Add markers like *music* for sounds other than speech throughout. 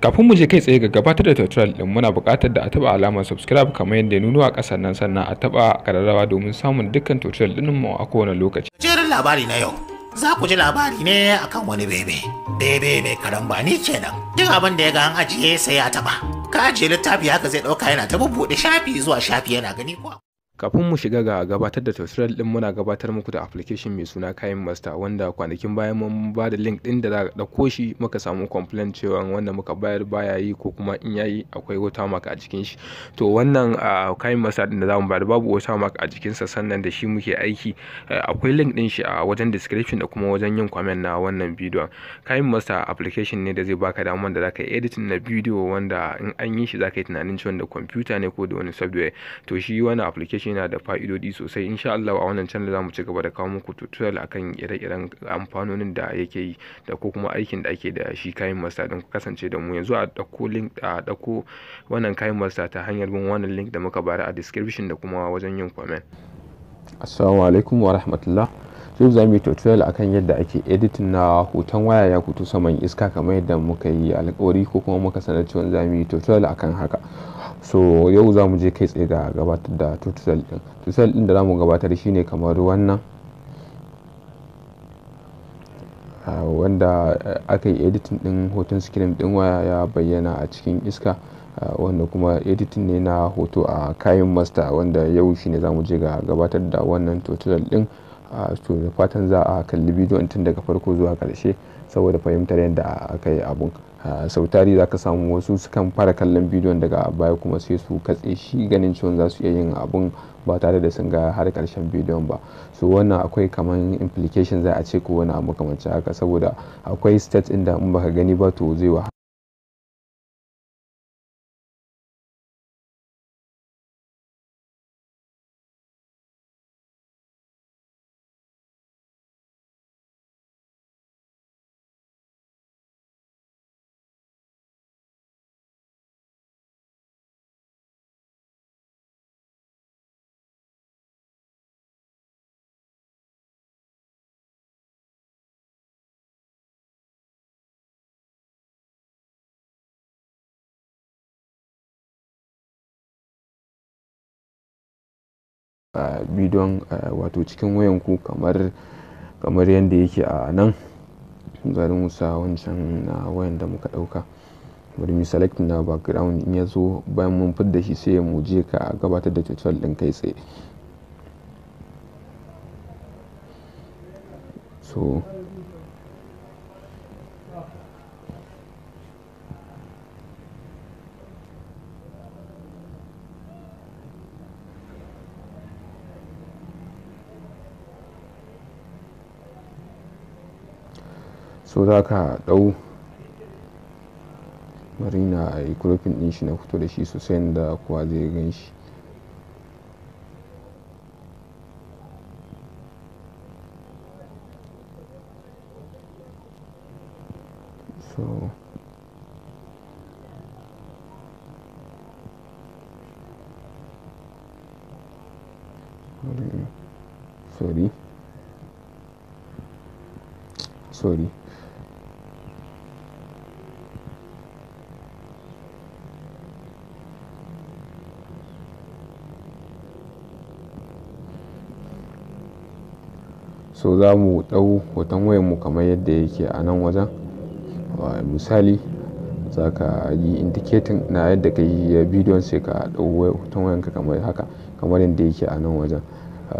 kafin mu je kai tsaye ga gabatar da tutorial din muna buƙatar da a taba alamar subscribe kamar yadda ya nuno a ƙasar nan sannan a taba kararrawa domin samun dukkan tutorial din mu a kowane lokaci jerin labari na yau za ku ji labari ne akan wani bebe bebe mai karambani kenan duk abin da ya ga an ajiye sai ya taba ka ajiye littafi haka zai ɗauka yana ta bubbuɗe shafi zuwa shafi yana gani kuwa kafin mu shiga ga gabatar da tutorial din muna gabatar muku da application mai suna kayan master wanda kwanakin bayan mun ba da link din da za dauko shi muka samu complaint cewa wanda muka bayar baya yi ko kuma in yayi akwai watermark a jikin shi to wannan kayan master din da za zamu bayar babu watermark a jikin sa sannan da shi muke aiki akwai link din shi a wajen description da kuma wajen yin comment na wannan bidiyon kayan master application ne da zai baka damar da zaka editing na bidiyo wanda in an yi shi zaka yi tunanin cewa da computer ne ko da wani software to shi wannan application shi yana da fa'idodi sosai insha Allah a wannan channel zamu ci gaba da kawo muku tutorial akan ire-iren amfanonin da yake yi da ko kuma aikin da ake da shi kayan master din ku kasance da mu yanzu a dauko link a dauko wannan kayan master ta hanyar bin wannan link da muka bayar a description da kuma wajen yin comment assalamu alaikum wa rahmatullah so za mu yi tutorial akan yadda ake editin na hoton waya ya kuto saman iska kamar yadda muka yi alƙawari ko kuma muka sanar cewa za mu yi tutorial akan haka so yau za mu je kai tsaye ga gabatar da tutsal din tutsal din da za mu gabatar shi ne kamar wannan ah, wanda eh, aka yi editin din hoton screen din waya ya bayyana a cikin iska ah, wanda kuma editin ne na hoto a kayan master wanda yau shi ne za mu je ga gabatar da wannan tutsal din to da fatan za a kalli bidiyon tun daga farko zuwa karshe saboda fahimtar yadda aka yi abun sau tari za ka samu wasu sukan fara kallon bidiyon daga baya kuma sai su katse shi ganin cewa za su iya yin abun ba tare da sun ga har karshen bidiyon ba so wannan akwai kaman implication za a ce ko wani abu kamar haka saboda akwai state inda in baka gani ba to zai wahala a bidon wato cikin wayanku kamar kamar yadda yake a nan zarin musa wancan na wayan da muka ɗauka bari mu na background in ya zo bayan mun fidda shi sai mu je ka gabatar da tutorial din kai tsaye so so za ka ɗau bari a yi kurofin din shi na fito da shi sosai da kuwa zai gan shi sorry so za mu ɗau hoton wayan mu kamar yadda yake a nan wajen misali za ka yi indicating na yadda ka yi bidiyon sai ka ɗau hoton wayanka kamar haka kamar yadda yake a nan wajen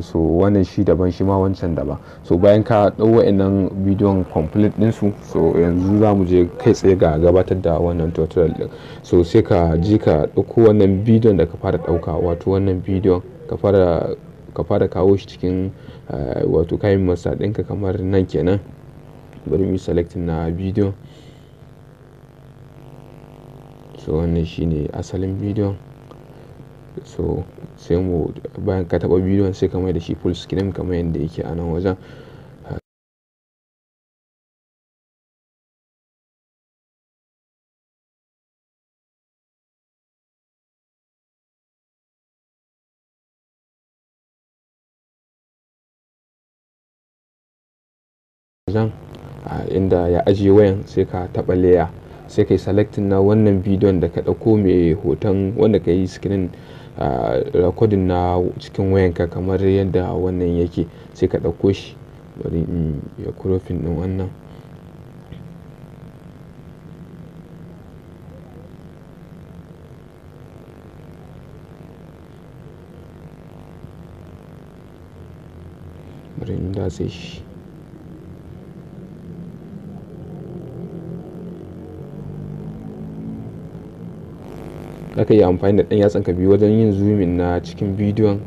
so wannan shi daban shi ma wancan daban so bayan ka ɗau wa'annan bidiyon complete ɗinsu so yanzu za mu je kai tsaye ga gabatar da wannan tutorial ɗin so sai ka je ka ɗauko wannan bidiyon da ka fara ɗauka wato wannan bidiyon ka fara ka fara kawo shi cikin eh, wato kayan masa ɗinka kamar nan kenan bari mu select na video so wannan shine asalin video so sai mu bayan ka taɓa bidiyon sai ka mai da shi full screen kamar yadda yake a nan wajen zan inda ya ajiye wayan sai ka taɓa layer sai ka yi selecting na wannan bidiyon da ka ɗauko mai hoton wanda ka yi screen recording na cikin wayanka kamar yadda wannan yake sai ka ɗauko shi bari in ya kurofin ɗin wannan bari in shi zaka iya amfani da ɗan yatsan ka biyu wajen yin zoomin na cikin bidiyon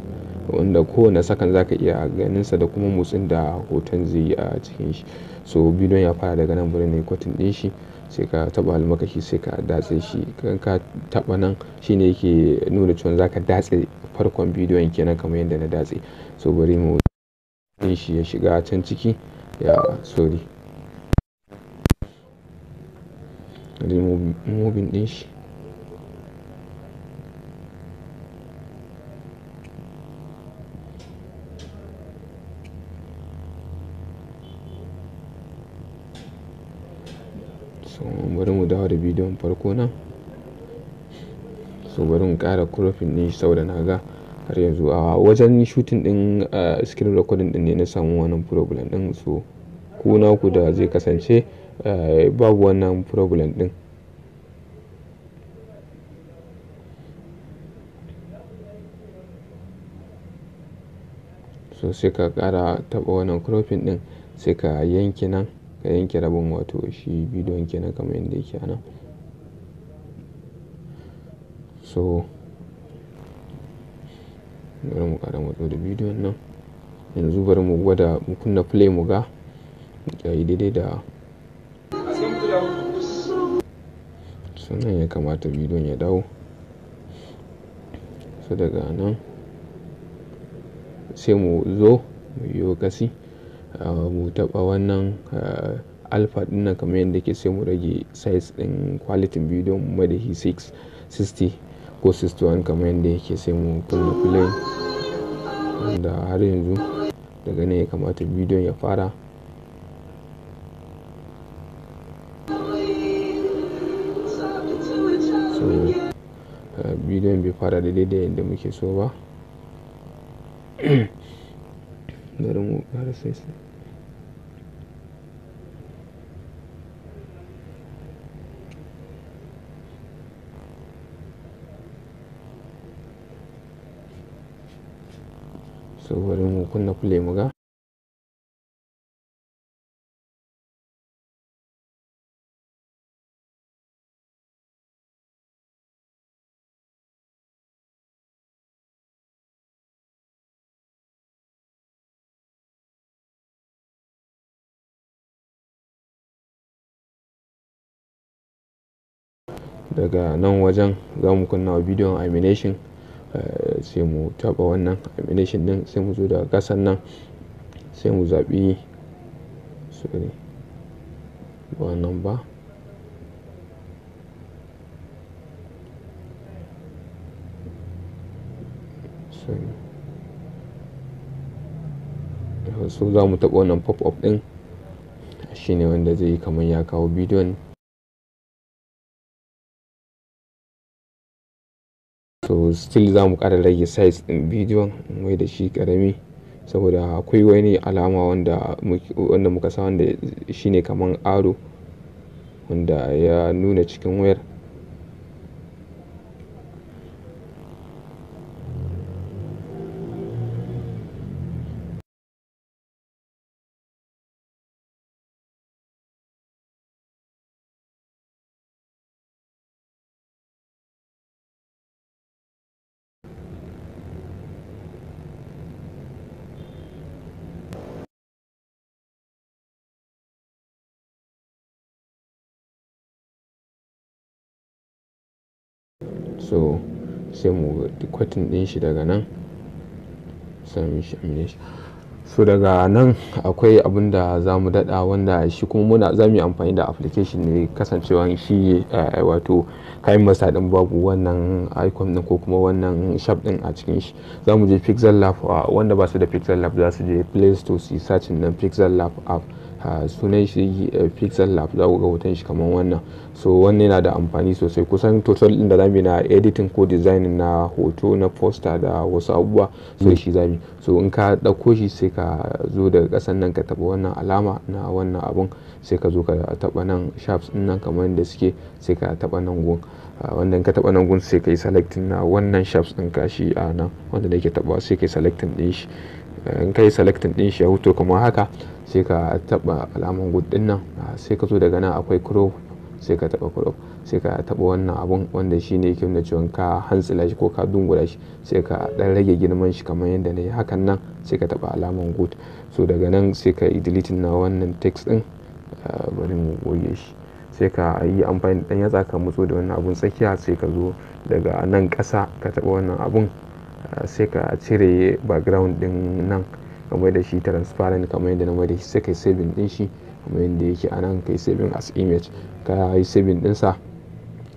wanda kowane sakan zaka iya ganin sa da kuma motsin da hoton zai yi a cikin shi so bidiyon ya fara daga nan bari ne kwatin ɗin shi sai ka taba almakashi sai ka datse shi kan ka taɓa nan shine yake nuna cewa zaka datse farkon bidiyon kenan kamar yadda na datse so bari mu ɗin shi ya shiga can ciki ya sorry removing ɗin shi bari mu dawo da bidiyon farko nan so bari mu kara kurofin ne saboda na ga har yanzu a wajen shooting din screen recording din ne na samu wannan problem din so ku da zai kasance babu wannan problem din so sai ka kara taɓa wannan cropping din sai ka yanki nan ka yanke rabin wato shi bidiyon kenan kamar yadda yake ana so bari mu kara matso da bidiyon nan yanzu bari mu gwada mu kunna play mu ga ya daidai da sannan ya kamata bidiyon ya dawo so daga nan sai mu zo mu yi kasi Eh, mu taɓa wannan eh, alpha ɗin kamar yadda ke sai mu rage size ɗin quality bidiyon mu mai da 660 ko 61 kamar yadda yake sai mu kulle kulle da har yanzu daga ne ya kamata bidiyon ya fara so eh, bidiyon bai fara daidai da yadda muke so ba *clears throat* garin Okara so mu kunna play mu ga daga nan wajen za mu kunna wa bidiyon amination eh, sai mu taba wannan amination din sai mu zo daga kasan nan sai mu zaɓi sorry ba wannan ba so za mu taɓa wannan pop-up ɗin shine wanda zai yi kamar ya kawo bidiyon so still za mu kara rage size ɗin bidiyon mai da shi ƙarami saboda akwai wani alama wanda muka sa wanda shine kaman aro wanda ya nuna cikin wayar so sai mu kwatin ɗin shi daga nan sami so daga nan akwai abin da za mu dada wanda shi kuma muna za mu yi amfani da application ne kasancewa shi eh, wato kayan masa ɗin babu wannan icon ɗin ko kuma wannan shop ɗin a cikin shi za mu je pixel lab wanda ba su da pixel lab za su je play store su searching nan pixel lab app ah, sunan shi eh, pixel lab za ku ga hoton shi kamar wannan so wannan yana da amfani sosai kusan total din da zami na editing ko design na hoto na poster da wasu abubuwa so shi zami so in ka dauko shi sai ka zo daga kasan nan ka taɓa wannan alama na wannan abun sai ka zo ka taɓa nan sharps din nan kamar yadda suke sai ka taɓa nan gun ah, wanda ka taɓa nan gun sai ka yi selecting na wannan sharps din ka shi a nan wanda da yake taɓa sai ka yi selecting din shi ah, in ka yi selecting din shi ya huto kamar haka sai ka taɓa alaman gud din nan ah, sai ka zo daga nan akwai crop sai ka taɓa kulob sai ka taɓa wannan abun wanda shi ne yake nuna cewa ka hantsila shi ko ka dungula shi sai ka ɗan rage girman shi kamar yadda na yi hakan nan sai ka taɓa alaman good so daga nan sai ka yi deleting na wannan text ɗin ah, bari mu goge shi sai ka yi amfani da yatsa ka mutso da wannan abun tsakiya sai ka zo daga nan kasa ka taɓa wannan abun ah, sai ka cire background ɗin nan kamar da shi transparent kamar yadda na mai da shi sai ka yi saving ɗin shi kuma yadda yake a nan kai saving as image ka yi saving ɗinsa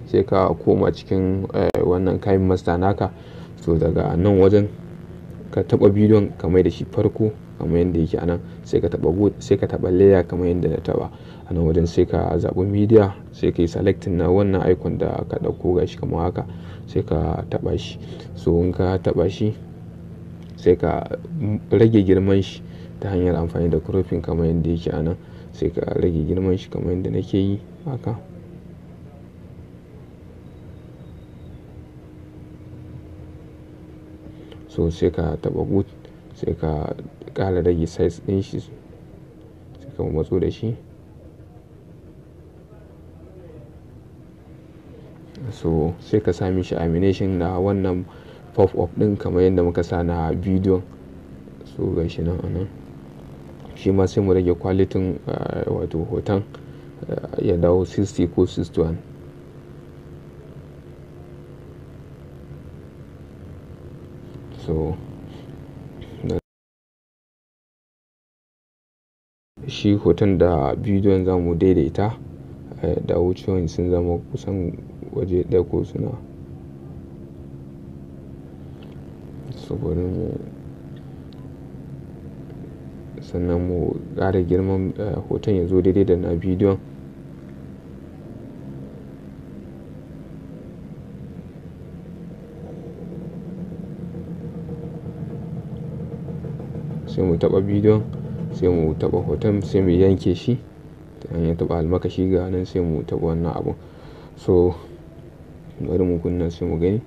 sai ka koma cikin eh, wannan kayan master naka so daga nan wajen ka taɓa bidiyon kamar da shi farko kamar yadda yake a nan sai ka taɓa wood sai layer kamar yadda na taɓa a nan wajen sai ka zaɓi media sai ka yi selecting na wannan icon da ka ɗauko shi kamar haka sai ka taɓa shi so in ka taɓa shi sai ka rage girman shi ta hanyar amfani da cropping kamar yadda yake a nan sai ka rage girman shi kamar yadda nake yi haka so sai ka taɓa gut sai ka ƙara rage size din shi sai ka matso da shi so sai ka sami shi amination da wannan pop-up ɗin kamar yadda muka sa na bidiyon so ga shi nan a nan shi ma sai mu rage kwalitin eh, wato hoton eh, ya dawo 60 ko 61 so shi hoton da bidiyon za mu daidaita eh, da wucewan sun zama kusan waje ɗaya ko suna saboda mu sannan mu ƙara girman eh, hoton ya zo daidai da na bidiyon sai mu taɓa bidiyon sai mu taɓa hoton sai mu yanke shi ta hanyar taɓa almakashi ga nan sai mu taɓa wannan abun so mu kunna sai mu gani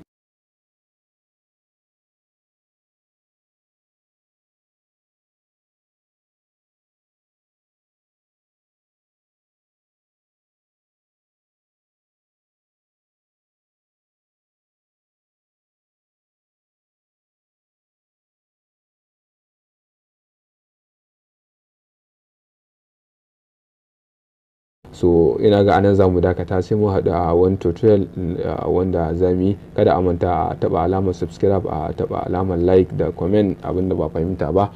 so ina ga anan za mu dakata sai mu haɗu a wani tutorial mm, wanda zami kada a manta a taba alamar subscribe a taɓa alamar like da comment abinda ba fahimta ba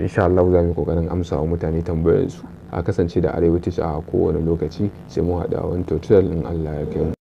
insha Allah za mu kokarin amsa wa mutane tambayoyinsu a kasance da arewacin a kowane lokaci sai mu haɗu a wani tutorial in Allah ya kai mu